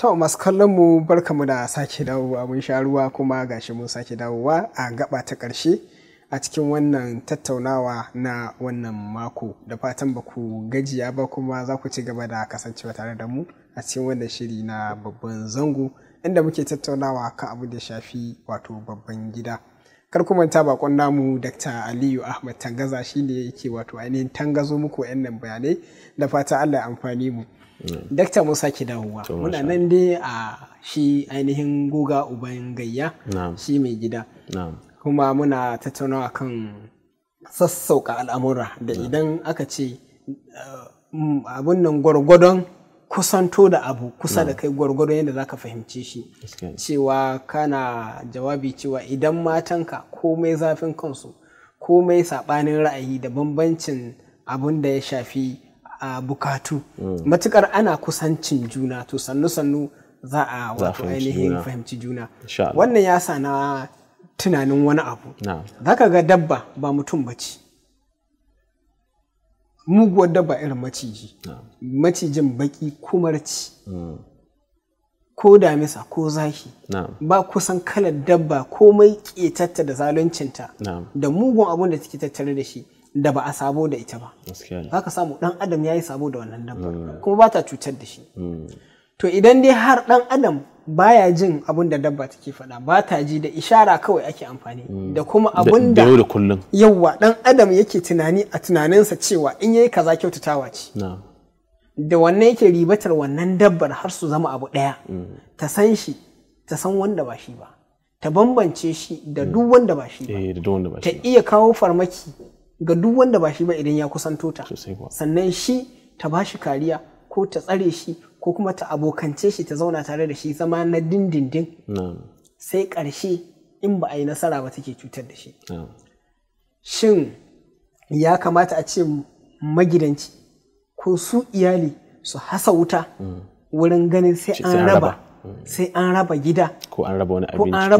To masu kallon mu barkamu da sake dawowa mun sha ruwa kuma gashi mun sake dawowa a gaba ta ƙarshe a cikin wannan tattaunawa na wannan mako da fatan ba ku gajiya ba kuma za ku ci gaba da kasancewa tare da mu a cikin wannan shiri na babban zango inda muke tattaunawa kan abu da shafi wato babban gida. Kar ku manta bakon namu Dr. Aliyu Ahmad Tangaza shi ne yake wato ainihin tangazo muku 'yan bayanai da fata Allah amfani mu. dakta musa sake dawowa muna nan dai a shi ainihin guga uban gayya shi mai gida kuma muna tattaunawa kan sassauka al'amura da idan aka ce eh, abun nan gwargwadon kusanto da abu kusa da kai gwargwadon yadda za ka fahimce shi cewa kana jawabi cewa idan matanka mai zafin kansu ko mai saɓanin ra'ayi da bambancin abun da ya shafi a bukatu mm. matukar ana kusancin juna to sannu sannu za a wato ainihin fahimci juna wannan ya sa na tunanin wani abu zaka ga dabba ba mutum ba muguwar dabba irin maciji macijin baki kumarci mm. ko damisa ko zaki ba kusan kalar dabba komai ƙetatta da zaluncinta da mugun abun da take tattare da shi da ba a sabo da ita ba za ka samu ɗan adam ya yi sabo da wannan dabba mm. kuma ba ta cutar da shi mm. to idan dai har ɗan adam baya jin abun da dabba take faɗa ba ta ji da ishara kawai ake amfani mm. da kuma abun da yauwa ɗan adam yake tunani a tunaninsa cewa in yayi kaza kyautatawa ce da wannan yake ribatar wannan dabbar har su zama abu ɗaya ta san shi ta san wanda ba shi ba ta bambance shi da duk wanda ba shi ba eh, ta iya kawo farmaki ga duk wanda ba shi ba idan ya kusanto ta sannan shi ta ba shi kariya ko ta tsare shi ko kuma ta abokance shi ta zauna tare da shi zama na dindindin sai ƙarshe in ba a yi nasara ba take cutar da shi shin ya kamata a ce magidanci ko su iyali su hasa wuta mm. wurin ganin sai an raba mm. sai an raba gida ko an raba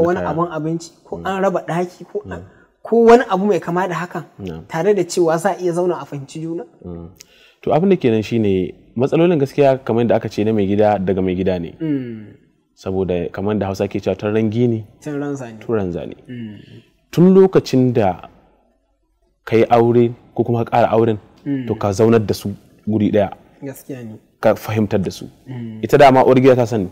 wani abin abinci ko mm. an raba ɗaki ko an ko wani abu mai kama da hakan tare da cewa za a iya zauna a fahimci juna mm. to abin da kenan shine matsalolin gaskiya kamar da aka ce na mai gida daga mai gida ne mm. saboda kamar da hausa ke cewa turan gini turan zane mm. tun lokacin da ka yi aure ko kuma ka ƙara auren to ka zaunar da su guri ɗaya ka fahimtar da su ita dama uwar gida ta sani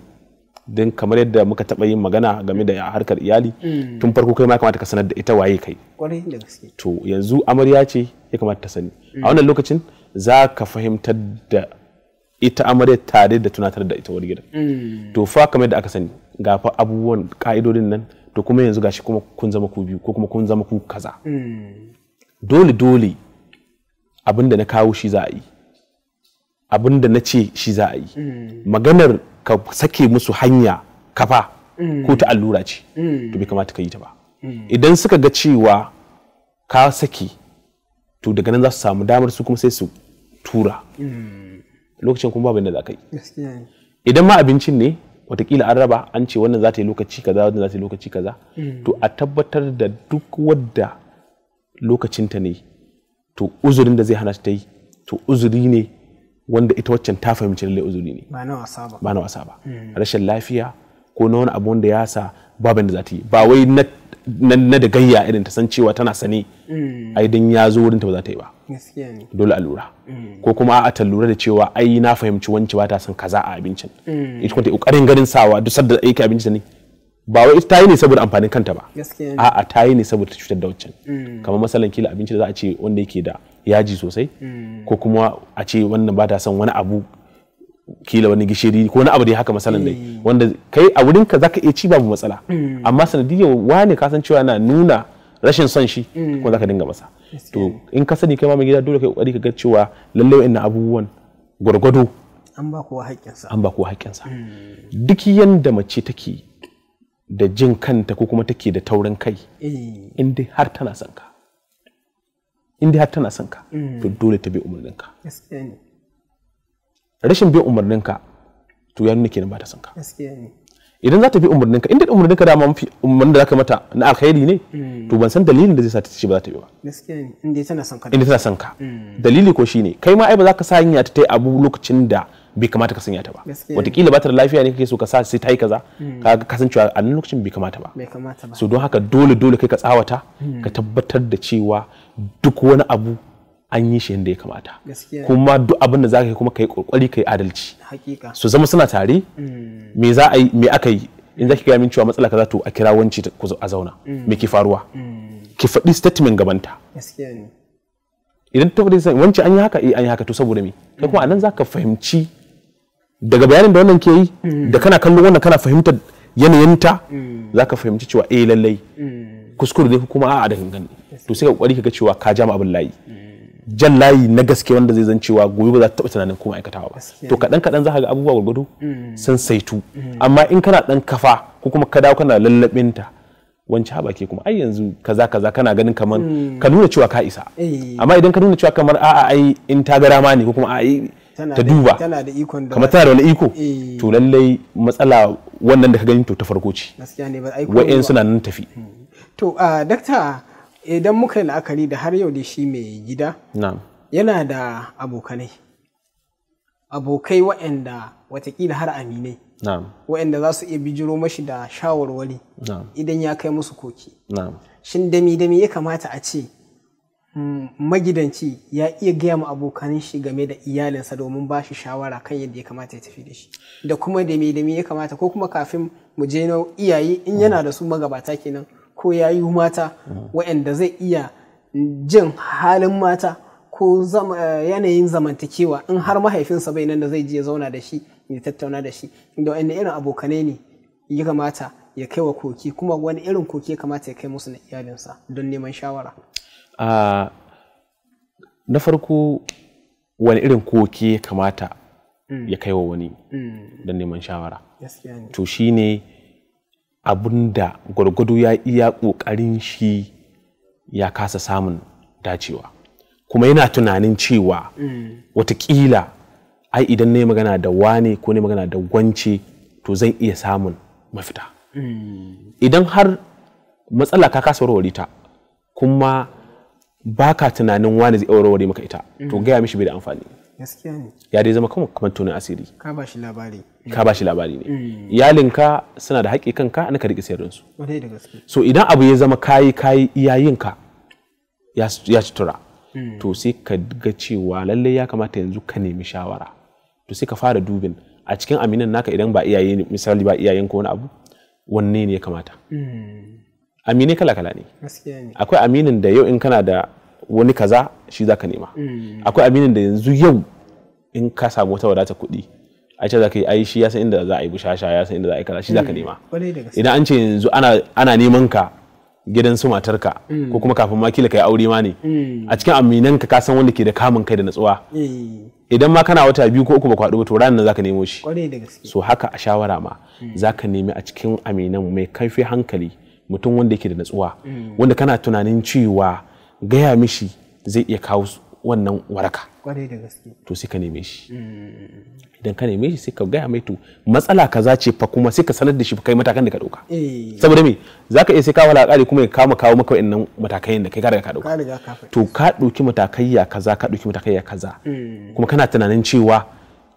din kamar yadda muka taɓa yin magana game da harkar iyali hmm. tun farko kai ma kamata ka sanar da ita waye kai to yanzu amarya ce ya kamata ta sani a wannan hmm. lokacin za ka fahimtar da ita amarya tare da tunatar da ita wani gida hmm. to fa kamar yadda aka sani ga fa abubuwan ka'idodin nan to kuma yanzu gashi kuma kun zama ku biyu ko kuma kun zama ku kaza dole dole abinda na kawo shi za a yi abinda na ce shi za a yi maganar ka sake musu hanya kafa mm. ko ta allura ce mm. to bai kamata ka yi ta ba mm. idan suka ga cewa ka saki to daga nan za su samu damar su kuma sai su tura lokacin kuma babu yadda za ka yi idan ma abincin ne watakila an raba an ce wannan za ta yi lokaci kaza wannan za ta yi lokaci kaza to a tabbatar da duk wadda lokacinta ne to uzurin da zai hana ta yi to uzuri ne wanda ita waccan ta fahimci lallai uzuri ne ba na wasa ba ba na wasa ba hmm. rashin lafiya ko na wani abu wanda ya sa babin da za ta yi ba wai na da gayya irin ta san cewa tana sane hmm. ai dan ya zo wurin ta ba za ta yi ba dole a lura hmm. ko kuma a ta lura da cewa ai na fahimci wancan ba ta san kaza a abincin ita kuma ta kokarin ganin sawa duk sadda aiki abincin ne ba wai ta yi ne saboda amfanin kanta ba a'a ta yi ne saboda cutar da waccan kamar masalan kila abinci da za a ce wanda yake da yaji sosai mm. ko kuma a ce wannan ba ta son wani abu kila wani gishiri ko wani abu da haka matsalan dai mm. wanda kai a wurin ka zaka iya ci babu matsala mm. amma sanadiyar wane ka san cewa yana nuna rashin son shi kuma zaka dinga masa to in ka sani kai ma mai gida dole kai kokari ka ga cewa lalle wa'annan abubuwan gwargwado an ba kowa haƙƙinsa an ba duk yanda mace take da jin kanta ko kuma take da taurin kai eh. in har tana son ka in dai har tana son ka to mm. dole ta bi umarninka rashin bi umarninka to ya nuna kenan ba ta son ka idan za ta bi umarninka inda dai umarninka da mafi umarnin da zaka mata na alkhairi ne mm. to ban san dalilin da zai sa ta ce ba za ta bi ba in tana son ka mm. dalili ko shine kai ma ai ba za ka sanya ta ta yi abu lokacin da bai kamata ka sanya ta ba wataƙila ba ta da lafiya ne kake so ka sa sai ta yi kaza hmm. kaga kasancewa a nan lokacin bai kamata ba so don haka dole dole kai ka tsawata hmm. ka tabbatar da cewa duk wani abu an yi shi yadda ya kamata kuma duk abin da za ka yi kuma ka yi kokari ka yi adalci so zama suna tare hmm. me za a yi me aka yi in za ki gaya min cewa matsala kaza to a kira wanci a zauna me ke faruwa ki faɗi statement gabanta idan ta faɗi wanci an yi haka eh an yi haka to saboda me kai kuma nan za ka fahimci daga bayanin da wannan ke yi mm. da kana kallon wannan kana fahimtar yanayinta mm. za ka fahimci cewa eh lallai mm. kuskure ne kuma a'a da gangan to sai ka kokari ka ga cewa ka jama abin layi jan layi na gaske wanda zai zan cewa gobe ba za ta taɓa tunanin kuma aikatawa ba to kaɗan kaɗan za ka ga abubuwa gwargwado sun saitu amma in kana ɗan kafa ko kuma ka dawo kana ta wancan haɓa ke kuma ai yanzu kaza kaza kana ganin kamar ka nuna cewa ka isa eh. amma idan ka nuna cewa kamar a'a ai in ta gara ma ne ko kuma a'a ta duba kamar tana da wani iko eh. to lallai matsala wannan da ka gani to ta farko ce wa'in suna nan tafi hmm. to a dakta idan muka yi la'akari da har yau da shi mai gida yana da abokanai abokai waɗanda watakila har aminai waɗanda za su iya bijiro mashi da shawarwari idan ya kai musu koki shin dami-dami ya kamata a ce magidanci ya iya gaya ma abokan shi game da iyalinsa domin ba shi shawara kan yadda ya kamata ya tafi da shi da kuma da me da me ya kamata ko kuma kafin mu je na iyaye in yana da su magabata kenan ko ya yi mata waɗanda zai iya jin halin mata ko eh, yanayin zamantakewa in har mahaifinsa bai nan da zai je ya zauna da shi ya tattauna da shi da waɗanda irin abokanai ne ya kamata ya kai wa koki kuma wani irin koki ya kamata ya kai musu na iyalinsa don neman shawara a na farko wani irin koke kamata mm. ya kai wa wani mm. don neman shawara to shine ne da gwargwado ya iya ƙoƙarin shi ya kasa samun dacewa kuma yana tunanin cewa mm. watakila ai idan na yi magana da wane ko na magana da gwance to zan iya samun mafita idan har matsala ka kasa warware ta kuma ba ka tunanin wani zai warware maka ita to mm. gaya mishi bai da amfani gaskiya ya dai zama kuma kamar tunan asiri ka ba shi labari ka ba ne mm. iyalinka suna da haƙƙi kanka na ka riƙe sirrin su so idan abu ya zama kayi kayi iyayinka ya ci tura mm. to sai ka ga cewa lallai ya kamata yanzu ka nemi shawara to sai ka fara dubin a cikin aminan naka idan ba iyaye misali ba iyayen ko wani abu wanne ne ya kamata amini kala kala ne akwai aminin da yau in kana da wani kaza shi zaka nema mm. akwai aminin da yanzu yau in ka samu wata wadata kuɗi a ce zaka yi ai shi ya san inda za a yi bushasha ya san inda za a yi kaza shi zaka mm. nema idan an ce yanzu ana neman ka gidan su matarka ko mm. kuma kafin ma kila kai aure ma ne a cikin aminan ka san wanda ke da kamun kai da natsuwa eh. idan ma kana wata biyu ko uku ba kwaɗo ba to ranar nan zaka nemo shi so haka a shawara ma zaka nemi a cikin aminan mai kaifi hankali mutum wanda yake da natsuwa mm. wanda kana tunanin cewa gaya mishi zai iya kawo wannan waraka to sai ka neme shi mm. idan ka neme shi sai ka gaya mai to matsala kaza ce fa kuma sai ka sanar da shi kai matakan da ka dauka eh. saboda me za ka iya sai ka wala kare kuma ka kama kawo maka wannan matakai da kai ka riga ka dauka to ka dauki matakai ya kaza ka dauki matakai ya kaza mm. kuma kana tunanin cewa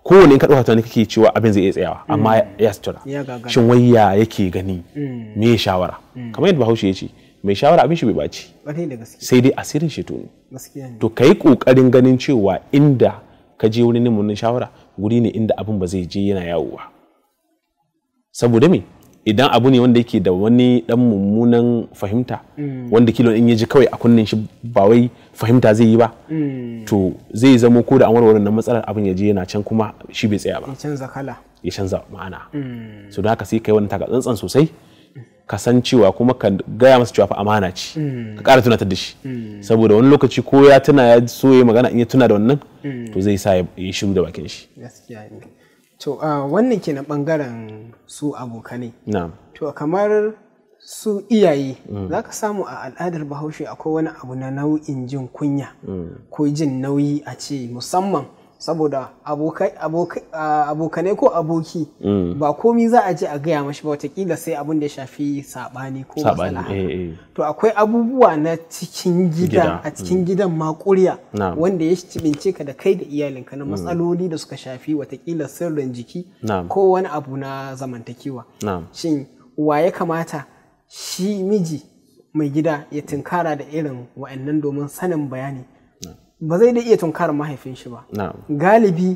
kowane in ka ɗauka tunani kake cewa abin zai iya tsayawa amma mm. ya sutura shin wai ya yake gani mm. me ya shawara mm. kamar yadda bahaushe ya ce mai shawara abin shi bai baci sai dai asirin shi tuni. to ka yi ƙoƙarin ganin cewa inda ka je wurin neman shawara wuri ne inda abin ba zai je yana yawo ba saboda me idan abu ne wanda yake da wani dan mummunan fahimta mm. wanda kilo in ya ji kawai a kunnen shi ba wai fahimta zai yi ba mm. to zai zamo ko da an warware na matsalar abin ya je yana can kuma shi bai tsaya ba ya canza kala ya canza ma'ana mm. so don haka sai kai wani taka tsantsan sosai ka san cewa kuma ka gaya masa cewa fa amana ce ka kara tunatar da shi saboda wani lokaci ko ya tuna ya so ya magana in ya tuna da wannan to zai sa ya shiru da bakin shi to uh, wannan na ɓangaren su abokanai to kamar su iyaye mm. za ka samu a al'adar bahaushe akwai wani abu na nau'in jin kunya mm. ko jin nauyi a ce musamman saboda ah, abokanai ko aboki mm. ba komi za a je a gaya mashi ba watakila sai abin da ya shafi sabani ko matsala eh, eh. to akwai abubuwa na cikin gida a mm. cikin gidan makuriya wanda ya cibince ka da kai da iyalinka na mm. matsaloli da suka shafi watakila sirrin jiki ko wani abu na zamantakewa shin wa ya kamata shi miji mai gida ya tunkara da irin wa'annan domin sanin bayani ba zai da iya tunkarar mahaifin shi ba galibi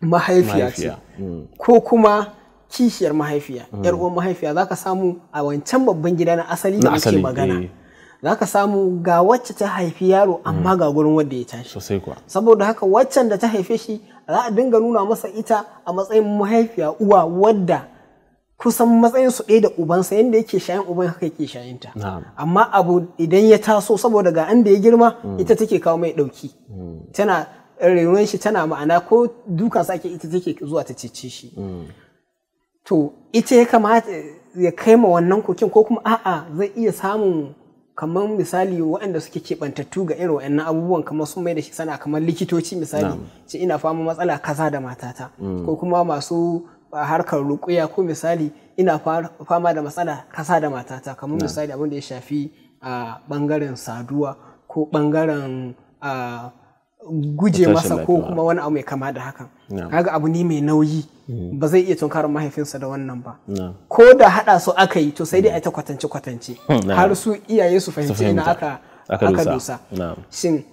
mahaifiya ce mm. ko kuma kishiyar mahaifiya mm. yar uwan mahaifiya za ka samu a wancan babban gida na asali da muke magana eh. za ka samu ga wacce ta haifi yaro amma mm. ga gurin wanda ya tashi saboda haka waccan da ta haife shi za a dinga nuna masa ita a matsayin mahaifiya uwa wadda kusan matsayin su ɗaya da ubansa yadda yake shayin uban haka yake shayin ta amma abu idan ya taso saboda ga an da ya girma mm. ita take kawo mai ɗauki mm. tana rayuwar shi tana ma'ana ko dukan sake ita take zuwa ta cece shi mm. to ita ya kamata ya kai ma wannan kokin ko kuma a'a zai iya samun kamar misali waɗanda suke keɓantattu ga irin waɗannan abubuwan kamar sun mai da shi sana kamar likitoci misali ce ina fama matsala kaza da matata ko kuma masu harkar rukuya ko misali ina fama da matsala kasa da matata kamar misali abin da ya shafi a bangaren saduwa ko bangaren guje masa ko kuma wani abu mai kama da hakan kaga abu ne mai nauyi mm. ba zai iya tunkarar mahaifinsa da wannan ba ko da hada su aka yi to sai dai a ta kwatance kwatance har su iyaye su fahimci ina aka dusa shin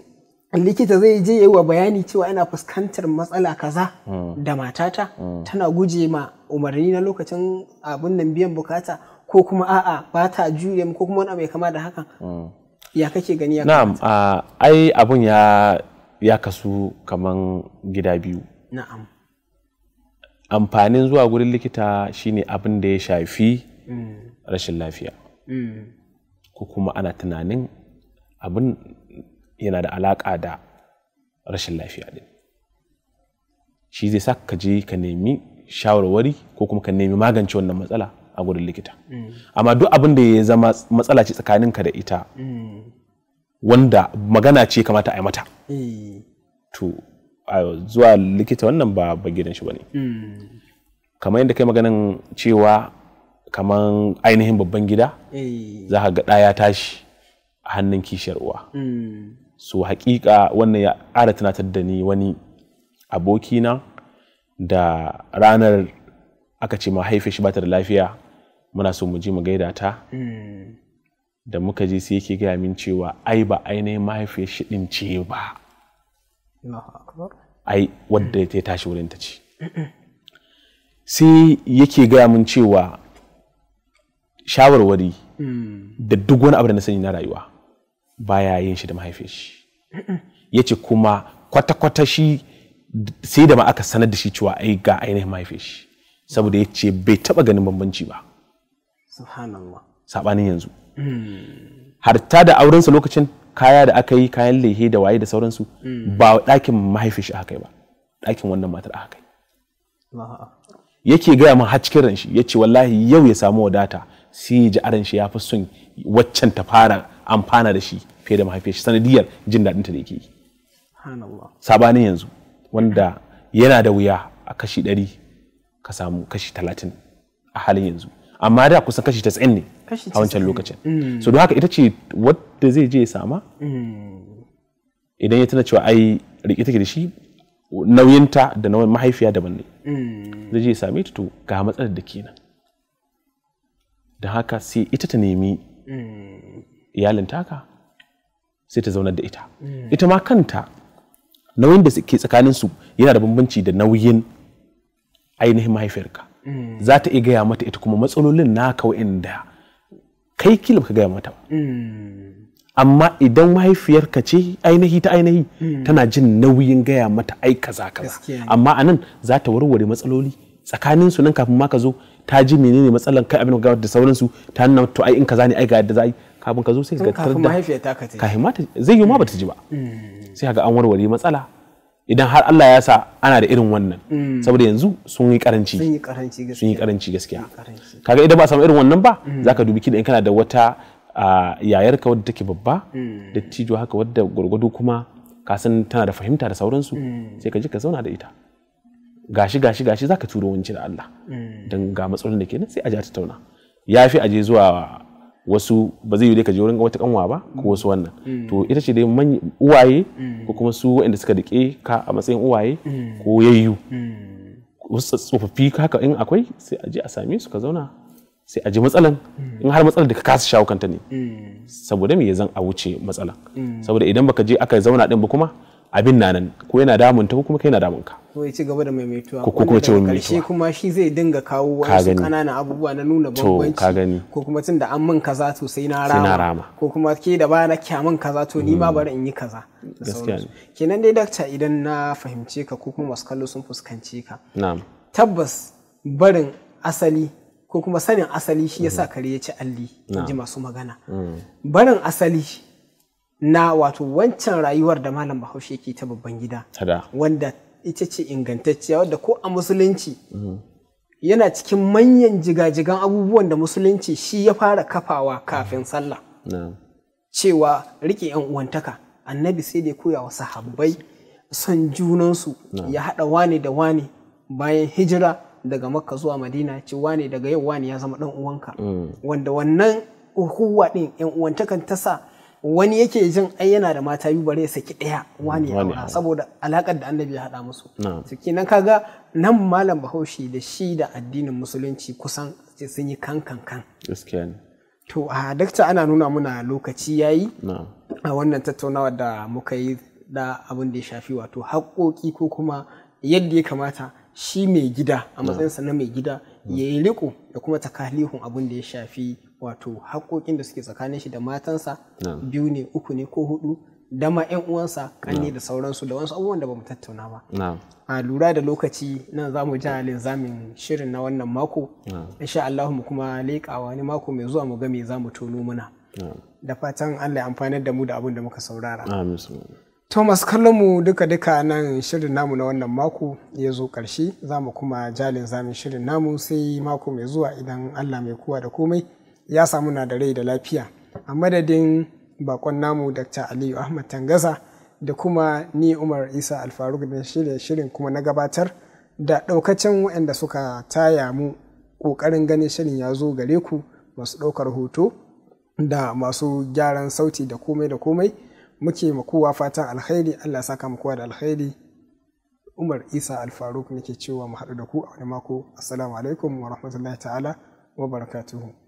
likita zai je yi wa bayani cewa ina fuskantar matsala kaza hmm. da matata hmm. tana guje ma umarni na lokacin abin nan biyan bukata ko kuma a'a ba ta jure ko kuma wani mai kama da hakan hmm. ya kake gani ya na'am ah, ai abun ya ya kasu kaman gida biyu na'am amfanin zuwa gurin likita shine abin da ya shafi rashin lafiya ko kuma ana tunanin abin yana da alaƙa da rashin lafiya din shi zai sa ka je ka nemi shawarwari ko kuma ka nemi magance wannan matsala a gurin likita mm. amma duk abin da ya zama matsala ce tsakaninka da ita mm. wanda magana ce kamata a yi mata eh. to zuwa likita wannan ba ba gidan shi bane mm. kamar yadda kai maganin cewa kamar ainihin babban gida eh. za ka ga ɗaya tashi a hannun kishiyar uwa so hakika wannan ya ƙara tunatar da ni wani abokina da ranar aka ce ma haife shi bata da lafiya muna so mu ji mu gaida ta da muka je sai yake gaya min cewa ai ba ainihin mahaifiyar shi din ce ba ai wadda ta tashi wurin ta ce sai yake gaya min cewa shawarwari hmm. da duk wani abu da na sani na rayuwa baya yin shi da mahaifin shi ya ce kuma kwata-kwata shi sai da ma aka sanar da shi cewa ai ga ainihin mahaifin shi saboda ya ce bai taba ganin bambanci ba sabanin yanzu hmm. har ta da aurensa lokacin kaya da aka yi kayan lehe da waye da sauransu hmm. ba ɗakin mahaifin shi aka yi ba ɗakin wannan matar aka yi yake gaya min har cikin ranshi ya ce wallahi yau ya samu wadata sai ya ji aran shi ya fi son waccan ta fara amfana da shi fiye da mahaifiyar shi sanadiyar jin daɗin ta da yake yi sabanin yanzu wanda yana da wuya a kashi ɗari ka samu kashi talatin a halin yanzu amma da kusan kashi tasa'in ne a wancan lokacin mm. so don haka ita ce wadda zai je ya sama mm. idan ya tana cewa ai riƙe take da shi nauyinta da nauyin mahaifiya daban ne mm. zai je ya same ta to ga matsalar da kenan Da haka sai ita ta nemi iyalin taka sai ta zaunar da ita hmm. ita ma kanta nauyin da ke tsakanin su yana da bambanci da nauyin ainihin mahaifiyarka hmm. za ta iya gaya mata ita kuma matsalolin na naka wa'inda kai kila ka gaya mata hmm. amma idan mahaifiyarka ce ainihi ta ainihi tana jin nauyin gaya mata ai kaza kaza amma anan za ta warware matsaloli tsakanin su nan kafin ma ka zo ta ji menene matsalan kai abin da da sauransu ta nuna to ai in kaza ne ai ga yadda za yi kafin ka zo sai ka tarda ka kafin mata zai yi ma bata ji ba hmm. sai ga an warware matsala idan har Allah ya sa ana da irin wannan hmm. saboda yanzu sun yi karanci sun yi karanci gaskiya kaga idan ba samu irin wannan ba hmm. zaka dubi kida in kana da wata yayarka wadda take babba da tijo haka wadda gurgudu kuma ka san tana da fahimta da sauransu sai ka ji ka zauna da ita gashi gashi gashi zaka turo wanci da Allah dan ga matsalolin da kenan sai a ji a tattauna yafi aje zuwa wasu ba zai yi dai ka je wurin wata kanwa ba ko wasu wannan mm. to ita ce dai uwaye mm. ko kuma su waɗanda suka dike ka a matsayin uwaye mm. ko yayyu wasu tsofaffi haka in akwai sai a je a same su ka zauna sai a ji matsalan in har matsalan da ka kasa shawo kanta ne saboda me zan a wuce matsalan saboda idan baka je aka zauna din ba kuma abin na nan ko yana damun ta ko kuma kai na damun ka ko ya ci gaba da maimaituwa ko kuma ce shi kuma shi zai dinga kawo wasu kananan abubuwa na nuna bambanci ko kuma tun da an min kaza to sai na rama ko kuma ke da bana mun kaza to ni ma mm. bari in yi kaza gaskiya kenan dai dakta idan na fahimce ka ko kuma wasu kallo sun fuskanci ka na'am tabbas barin asali ko kuma sanin asali shi yasa mm. kare ya ci alli ji masu magana mm. barin asali na wato wancan rayuwar da malam bahaushe ke ta babban gida wanda ita ce ingantacciya wadda ko a musulunci mm-hmm. yana cikin manyan jigajigan abubuwan da musulunci shi ya fara kafawa kafin sallah cewa riƙe yan uwantaka annabi sai da koya wa sahabbai son junansu ya haɗa wane da wane bayan hijira daga makka zuwa madina ce wane daga yau wane ya zama ɗan uwanka mm. wanda wannan uhuwa ɗin yan uwantakan ta sa wani yake jin ai yana da mata biyu bare saki daya wani aura saboda alakar da annabi ya hada musu kenan kaga nan malam bahaushe da shi da addinin musulunci kusan sun yi kan kan kan ne to a dakta ana nuna muna lokaci yayi a wannan tattaunawa da muka yi da abin da ya shafi wato haƙoƙi ko kuma yadda ya kamata shi mai gida a matsayinsa na mai gida ya yi riko da kuma takalihun abin da ya shafi wato haƙoƙin da suke tsakanin shi da matansa biyu ne uku ne ko hudu dama ma 'yan uwansa kanne da sauransu da wasu abubuwan da ba mu tattauna ba a lura da lokaci nan za mu ja linzamin shirin na wannan mako insha Allah mu kuma leƙa wani mako mai zuwa mu ga me za mu tono muna da fatan Allah ya amfanar da mu da abin da muka saurara Thomas kallon mu duka duka nan shirin namu na wannan mako ya zo ƙarshe za mu kuma ja linzamin shirin namu sai mako mai zuwa idan Allah mai kowa da komai ya samu na da rai da lafiya a madadin bakon namu dr aliyu ahmad Tangasa da kuma ni umar isa alfaruk da shirya shirin kuma na gabatar da ɗaukacin waɗanda suka taya mu ƙoƙarin ganin shirin ya zo gare ku masu ɗaukar hoto da masu gyaran sauti da komai da komai muke makowa fatan alkhairi allah saka makuwa da alkhairi umar isa alfaruk nake cewa mu haɗu da ku a wani mako assalamu alaikum wa rahmatullahi ta'ala wa barakatuhu